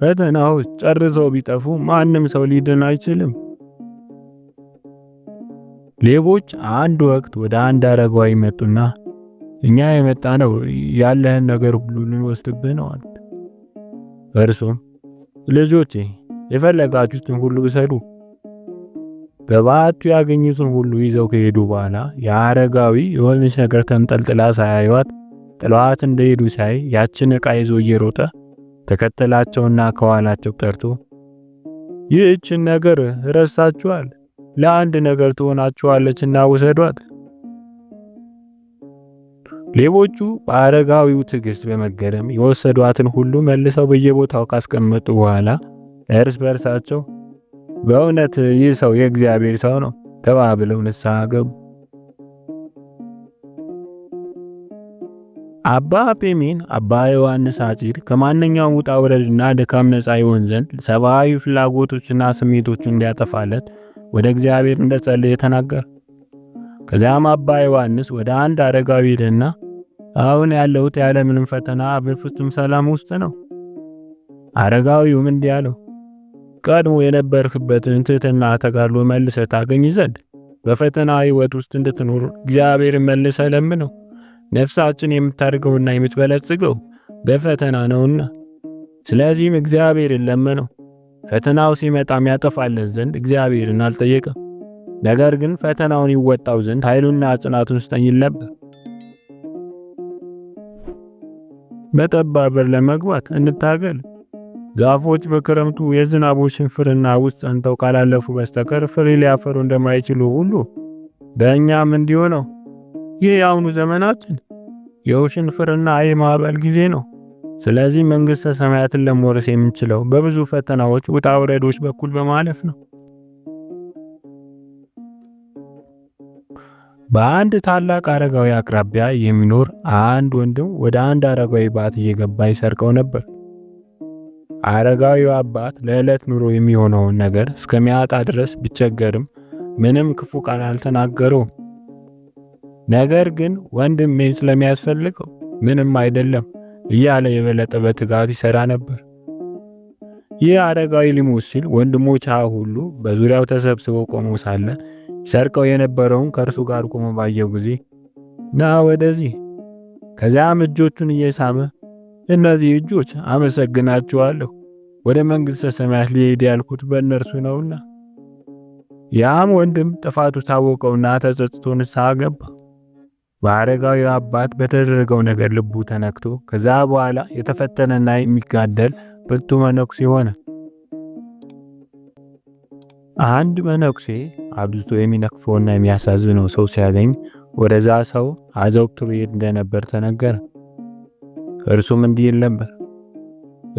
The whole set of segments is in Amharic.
ፈተናዎች ጨርሰው ቢጠፉ ማንም ሰው ሊድን አይችልም። ሌቦች አንድ ወቅት ወደ አንድ አረጋዊ መጡና እኛ የመጣ ነው ያለህን ነገር ሁሉ ልንወስድብህ ነው አሉ። እርሱም ልጆቼ የፈለጋችሁትን ሁሉ ውሰዱ። በባቱ ያገኙትን ሁሉ ይዘው ከሄዱ በኋላ የአረጋዊ የሆነች ነገር ተንጠልጥላ ሳያዩት ጥለዋት እንደሄዱ ሳይ ያችን እቃ ይዞ እየሮጠ ተከተላቸውና ከኋላቸው ቀርቶ ይህችን ነገር ረሳችኋል፣ ለአንድ ነገር ትሆናችኋለችና ውሰዷት። ሌቦቹ በአረጋዊው ትዕግስት በመገረም የወሰዷትን ሁሉ መልሰው በየቦታው ካስቀመጡ በኋላ እርስ በርሳቸው በእውነት ይህ ሰው የእግዚአብሔር ሰው ነው ተባብለው ንስሐ ገቡ። አባ ጳሜን አባ ዮሐንስ ሐጺር ከማንኛውም ውጣ ውረድና ድካም ነፃ ይሆን ዘንድ ሰብአዊ ፍላጎቶችና ስሜቶች እንዲያጠፋለት ወደ እግዚአብሔር እንደጸለየ ተናገረ። ከዚያም አባ ዮሐንስ ወደ አንድ አረጋዊ ሄደና አሁን ያለሁት ያለምንም ፈተና በፍጹም ሰላም ውስጥ ነው። አረጋዊውም እንዲህ አለው፣ ቀድሞ የነበርክበትን ትሕትና ተጋድሎ መልሰ ታገኝ ዘንድ በፈተና ህይወት ውስጥ እንድትኖር እግዚአብሔር መልሰ ለምነው። ነፍሳችን የምታደርገውና የምትበለጽገው በፈተና ነውና፣ ስለዚህም እግዚአብሔርን ለመነው። ፈተናው ሲመጣም ያጠፋለን ዘንድ እግዚአብሔርን አልጠየቀም። ነገር ግን ፈተናውን ይወጣው ዘንድ ኃይሉና ጽናቱን ስጠኝል ነበር። በጠባብ በር ለመግባት እንታገል። ዛፎች በክረምቱ የዝናቡ ሽንፍርና ውስጥ ጸንተው ካላለፉ በስተቀር ፍሬ ሊያፈሩ እንደማይችሉ ሁሉ በእኛም እንዲሆነው ይህ የአሁኑ ዘመናችን የውሽንፍርና የማዕበል ጊዜ ነው። ስለዚህ መንግሥተ ሰማያትን ለመውረስ የምንችለው በብዙ ፈተናዎች፣ ውጣ ውረዶች በኩል በማለፍ ነው። በአንድ ታላቅ አረጋዊ አቅራቢያ የሚኖር አንድ ወንድም ወደ አንድ አረጋዊ አባት እየገባ ይሰርቀው ነበር። አረጋዊው አባት ለዕለት ኑሮ የሚሆነውን ነገር እስከሚያጣ ድረስ ቢቸገርም ምንም ክፉ ቃል አልተናገረውም። ነገር ግን ወንድሜ ስለሚያስፈልገው ምንም አይደለም እያለ የበለጠ በትጋት ይሰራ ነበር። ይህ አረጋዊ ሊሞት ሲል ወንድሞች ሁሉ በዙሪያው ተሰብስበው ቆመው ሳለ ሰርቀው የነበረውን ከእርሱ ጋር ቆሞ ባየው ጊዜ ና ወደዚህ። ከዚያም እጆቹን እየሳመ እነዚህ እጆች አመሰግናችኋለሁ፣ ወደ መንግሥተ ሰማያት ሊሄድ ያልኩት በእነርሱ ነውና። ያም ወንድም ጥፋቱ ታወቀውና ተጸጽቶ ንስሐ ገባ። በአረጋዊ አባት በተደረገው ነገር ልቡ ተነክቶ ከዛ በኋላ የተፈተነና የሚጋደል ብርቱ መነኩሴ ሆነ። አንድ መነኩሴ አብዝቶ የሚነክፈውና የሚያሳዝነው ሰው ሲያገኝ ወደዛ ሰው አዘውትሮ ይሄድ እንደነበር ተነገረ። እርሱም እንዲህ ይል ነበር፣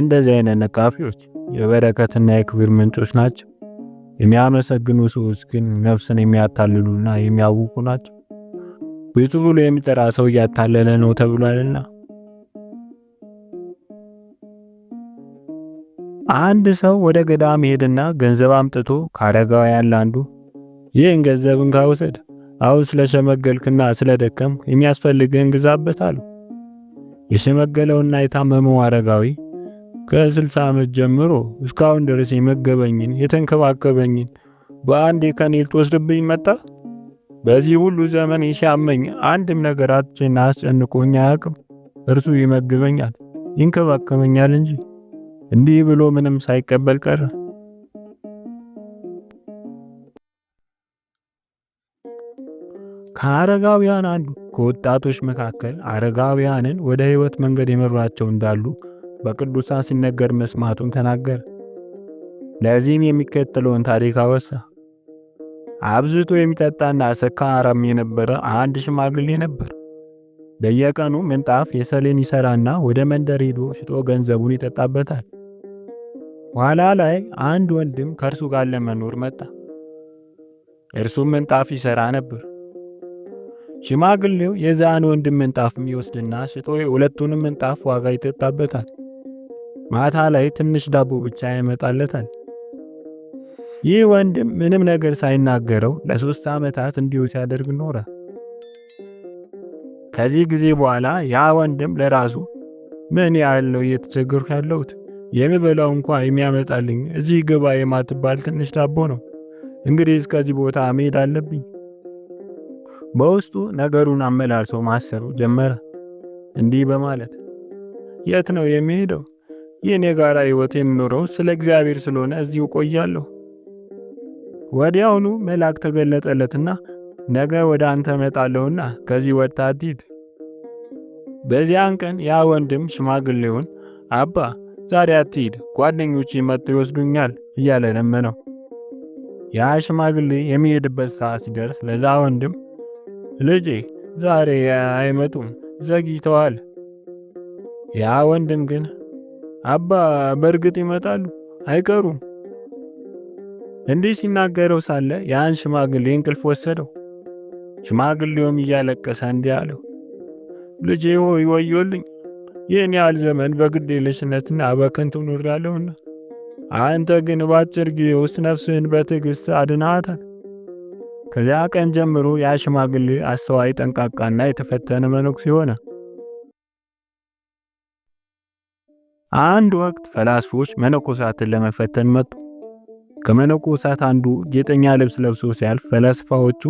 እንደዚህ አይነት ነቃፊዎች የበረከትና የክብር ምንጮች ናቸው። የሚያመሰግኑ ሰዎች ግን ነፍስን የሚያታልሉና የሚያውቁ ናቸው። ብዙ ብሎ የሚጠራ ሰው እያታለለ ነው ተብሏልና። አንድ ሰው ወደ ገዳም ሄድና ገንዘብ አምጥቶ ካረጋውያን አንዱ ይህን ገንዘብ እንካ ውሰድ፣ አሁን ስለሸመገልክና ስለደከም የሚያስፈልግህን ግዛበት አሉ። የሸመገለውና የታመመው አረጋዊ ከ60 ዓመት ጀምሮ እስካሁን ድረስ የመገበኝን የተንከባከበኝን በአንዴ ከኔ ልትወስድብኝ መጣ? በዚህ ሁሉ ዘመን ይሻመኝ አንድም ነገር አጥቼና አስጨንቆኝ አያውቅም። እርሱ ይመግበኛል፣ ይንከባከበኛል እንጂ እንዲህ ብሎ ምንም ሳይቀበል ቀረ። ከአረጋውያን አንዱ ከወጣቶች መካከል አረጋውያንን ወደ ሕይወት መንገድ የመራቸው እንዳሉ በቅዱሳን ሲነገር መስማቱን ተናገረ። ለዚህም የሚከተለውን ታሪክ አወሳ። አብዝቶ የሚጠጣና ሰካራም የነበረ አንድ ሽማግሌ ነበር። በየቀኑ ምንጣፍ የሰሌን ይሰራና ወደ መንደር ሄዶ ሽጦ ገንዘቡን ይጠጣበታል። ኋላ ላይ አንድ ወንድም ከእርሱ ጋር ለመኖር መጣ። እርሱም ምንጣፍ ይሰራ ነበር። ሽማግሌው የዛን ወንድም ምንጣፍ የሚወስድና ሽጦ የሁለቱንም ምንጣፍ ዋጋ ይጠጣበታል። ማታ ላይ ትንሽ ዳቦ ብቻ ያመጣለታል። ይህ ወንድም ምንም ነገር ሳይናገረው ለሶስት ዓመታት እንዲሁ ሲያደርግ ኖረ። ከዚህ ጊዜ በኋላ ያ ወንድም ለራሱ ምን ያህል ነው እየተቸገርኩ ያለሁት? የምበላው እንኳ የሚያመጣልኝ እዚህ ግባ የማትባል ትንሽ ዳቦ ነው። እንግዲህ እስከዚህ ቦታ መሄድ አለብኝ። በውስጡ ነገሩን አመላልሶ ማሰሩ ጀመረ። እንዲህ በማለት የት ነው የሚሄደው? ይህን የጋራ ሕይወት የሚኖረው ስለ እግዚአብሔር ስለሆነ እዚሁ ቆያለሁ። ወዲያውኑ መልአክ ተገለጠለትና ነገ ወደ አንተ እመጣለሁና ከዚህ ወጥተህ አዲድ በዚያን ቀን ያ ወንድም ሽማግሌውን አባ ዛሬ አትሂድ፣ ጓደኞች መጥተው ይወስዱኛል እያለ ለመነው። ያ ሽማግሌ የሚሄድበት ሰዓት ሲደርስ ለዛ ወንድም ልጄ ዛሬ አይመጡም፣ ዘግይተዋል። ያ ወንድም ግን አባ በእርግጥ ይመጣሉ፣ አይቀሩም እንዲህ ሲናገረው ሳለ ያን ሽማግሌ እንቅልፍ ወሰደው። ሽማግሌውም እያለቀሰ እንዲህ አለው፣ ልጄ ሆይ ወዮልኝ፣ ይህን ያህል ዘመን በግዴለሽነትና በከንቱ ኑሬያለሁና፣ አንተ ግን በአጭር ጊዜ ውስጥ ነፍስህን በትዕግሥት አድናታል። ከዚያ ቀን ጀምሮ ያ ሽማግሌ አስተዋይ፣ ጠንቃቃና የተፈተነ መነኩሴ ሆነ። አንድ ወቅት ፈላስፎች መነኮሳትን ለመፈተን መጡ። ከመነኮሳት አንዱ ጌጠኛ ልብስ ለብሶ ሲያልፍ ፈላስፋዎቹ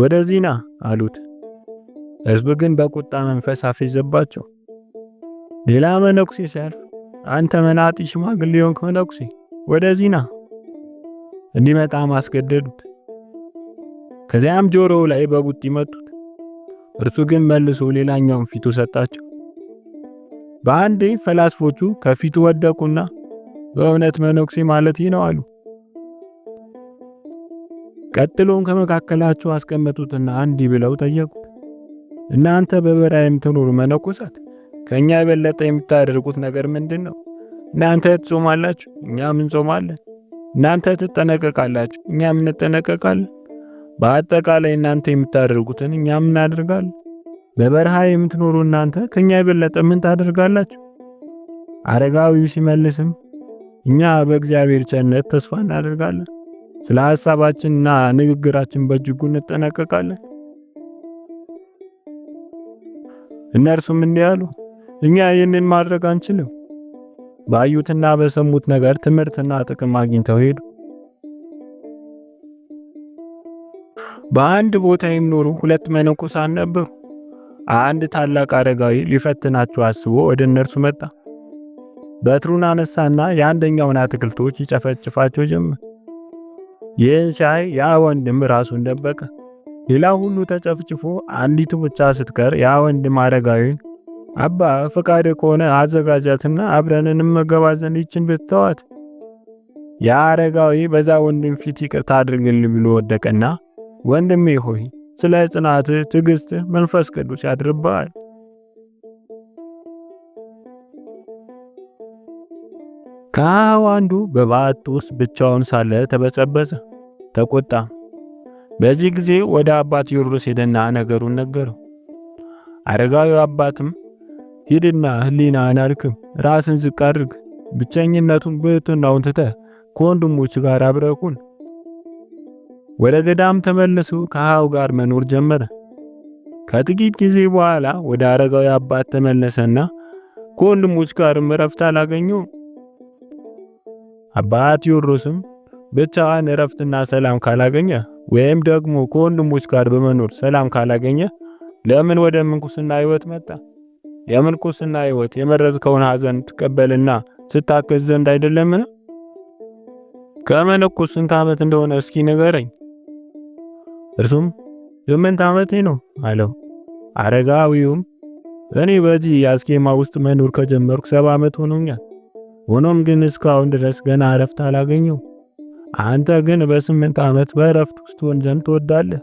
ወደዚህ ና አሉት። ህዝብ ግን በቁጣ መንፈስ አፌዘባቸው። ሌላ መነኩሴ ሲያልፍ አንተ መናጢ ሽማግሌ የሆንክ መነኩሴ ወደዚህ ና እንዲመጣ አስገደዱት። ከዚያም ጆሮው ላይ በጉጥ መቱት። እርሱ ግን መልሶ ሌላኛውን ፊቱ ሰጣቸው። በአንዴ ፈላስፎቹ ከፊቱ ወደቁና በእውነት መነኩሴ ማለት ይህ ነው አሉ። ቀጥሎም ከመካከላቸው አስቀመጡትና እንዲህ ብለው ጠየቁት እናንተ በበረሃ የምትኖሩ መነኮሳት ከኛ የበለጠ የምታደርጉት ነገር ምንድን ነው? እናንተ ትጾማላችሁ፣ እኛም እንጾማለን። እናንተ ትጠነቀቃላችሁ፣ እኛም እንጠነቀቃለን። በአጠቃላይ እናንተ የምታደርጉትን እኛም እናደርጋለን። በበረሃ የምትኖሩ እናንተ ከኛ የበለጠ ምን ታደርጋላችሁ? አረጋዊው ሲመልስም እኛ በእግዚአብሔር ቸርነት ተስፋ እናደርጋለን። ስለ ሐሳባችንና ንግግራችን በእጅጉ እንጠነቀቃለን። እነርሱም እንዲህ አሉ፣ እኛ ይህንን ማድረግ አንችልም። ባዩትና በሰሙት ነገር ትምህርትና ጥቅም አግኝተው ሄዱ። በአንድ ቦታ የሚኖሩ ሁለት መነኮሳት ነበሩ። አንድ ታላቅ አረጋዊ ሊፈትናቸው አስቦ ወደ እነርሱ መጣ። በትሩን አነሳና የአንደኛውን አትክልቶች ይጨፈጭፋቸው ጀመር። ይህን ሲያይ ያ ወንድም ራሱን ደበቀ። ሌላ ሁሉ ተጨፍጭፎ አንዲቱ ብቻ ስትቀር ያ ወንድም አረጋዊን አባ ፈቃድ ከሆነ አዘጋጃትና አብረን እንመገባዘን ይችን ብትተዋት። ያ አረጋዊ በዛ ወንድም ፊት ይቅርታ አድርግልኝ ብሎ ወደቀና ወንድሜ ሆይ ስለ ጽናት፣ ትዕግስት መንፈስ ቅዱስ ያድርባል። ከአህያው አንዱ በባት ውስጥ ብቻውን ሳለ ተበጸበጸ፣ ተቆጣ። በዚህ ጊዜ ወደ አባት ዮርስ ሄደና ነገሩን ነገረው። አረጋዊ አባትም ሂድና ህሊና አልክም፣ ራስን ዝቅ አድርግ፣ ብቸኝነቱን ብትናውን ትተህ ከወንድሞች ጋር አብረኩን። ወደ ገዳም ተመልሶ ከአህያው ጋር መኖር ጀመረ። ከጥቂት ጊዜ በኋላ ወደ አረጋዊ አባት ተመለሰና ከወንድሞች ጋርም እረፍት አላገኘው። አባ ቴዎድሮስም ብቻዋን እረፍትና ሰላም ካላገኘ ወይም ደግሞ ከወንድሞች ጋር በመኖር ሰላም ካላገኘ ለምን ወደ ምንኩስና ህይወት መጣ? የምንኩስና ህይወት የመረዝከውን ሐዘን ትቀበልና ስታከዝ ዘንድ አይደለምን? ከመነኩስ ስንት ዓመት እንደሆነ እስኪ ንገረኝ። እርሱም ስምንት ዓመቴ ነው አለው። አረጋዊውም እኔ በዚህ አስኬማ ውስጥ መኖር ከጀመርኩ ሰባ ዓመት ሆኖኛል ሆኖም ግን እስካሁን ድረስ ገና እረፍት አላገኘው። አንተ ግን በስምንት ዓመት በእረፍት ውስጥ ሆን ዘንድ ትወዳለህ።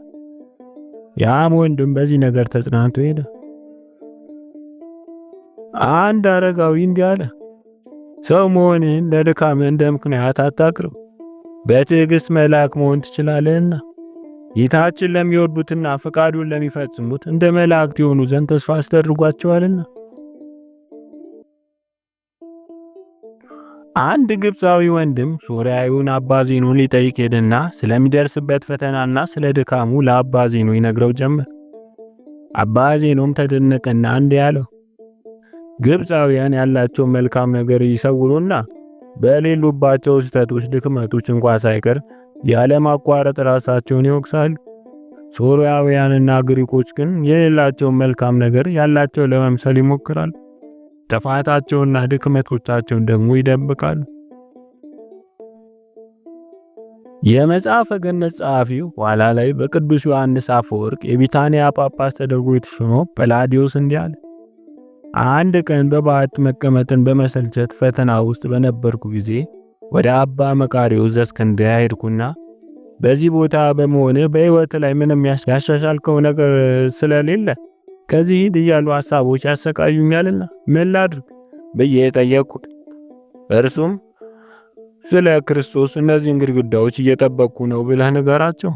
ያም ወንድም በዚህ ነገር ተጽናንቶ ሄደ። አንድ አረጋዊ እንዲህ አለ፣ ሰው መሆንን ለድካም እንደ ምክንያት አታቅርብ፣ በትዕግስት መልአክ መሆን ትችላለህና። ጌታችን ለሚወዱትና ፈቃዱን ለሚፈጽሙት እንደ መላእክት የሆኑ ዘንድ ተስፋ አስደርጓቸዋልና። አንድ ግብፃዊ ወንድም ሶርያዊውን አባዜኑን ሊጠይቅ ሄደና ስለሚደርስበት ፈተናና ስለ ድካሙ ለአባዜኑ ይነግረው ጀመር። አባዜኑም ተደነቀና እንዲህ አለው፣ ግብፃውያን ያላቸውን መልካም ነገር ይሰውሩና በሌሉባቸው ስህተቶች፣ ድክመቶች እንኳ ሳይቀር ያለማቋረጥ ራሳቸውን ይወቅሳሉ። ሶርያውያንና ግሪኮች ግን የሌላቸውን መልካም ነገር ያላቸው ለመምሰል ይሞክራሉ። ጥፋታቸውና ድክመቶቻቸውን ደግሞ ይደብቃሉ። የመጽሐፈ ገነት ጸሐፊው ኋላ ላይ በቅዱስ ዮሐንስ አፈወርቅ የቢታንያ ጳጳስ ተደርጎ የተሾመው ጵላዲዮስ እንዲህ አለ። አንድ ቀን በባዕት መቀመጥን በመሰልቸት ፈተና ውስጥ በነበርኩ ጊዜ ወደ አባ መቃርዮስ ዘእስክንድርያ ሄድኩና በዚህ ቦታ በመሆን በሕይወት ላይ ምንም ያሻሻልከው ነገር ስለሌለ ከዚህ ሂድ እያሉ ሐሳቦች ያሰቃዩኛልና ምን ላድርግ ብዬ ጠየቅኩት። እርሱም ስለ ክርስቶስ እነዚህን ግድግዳዎች እየጠበቅኩ ነው ብለህ ንገራቸው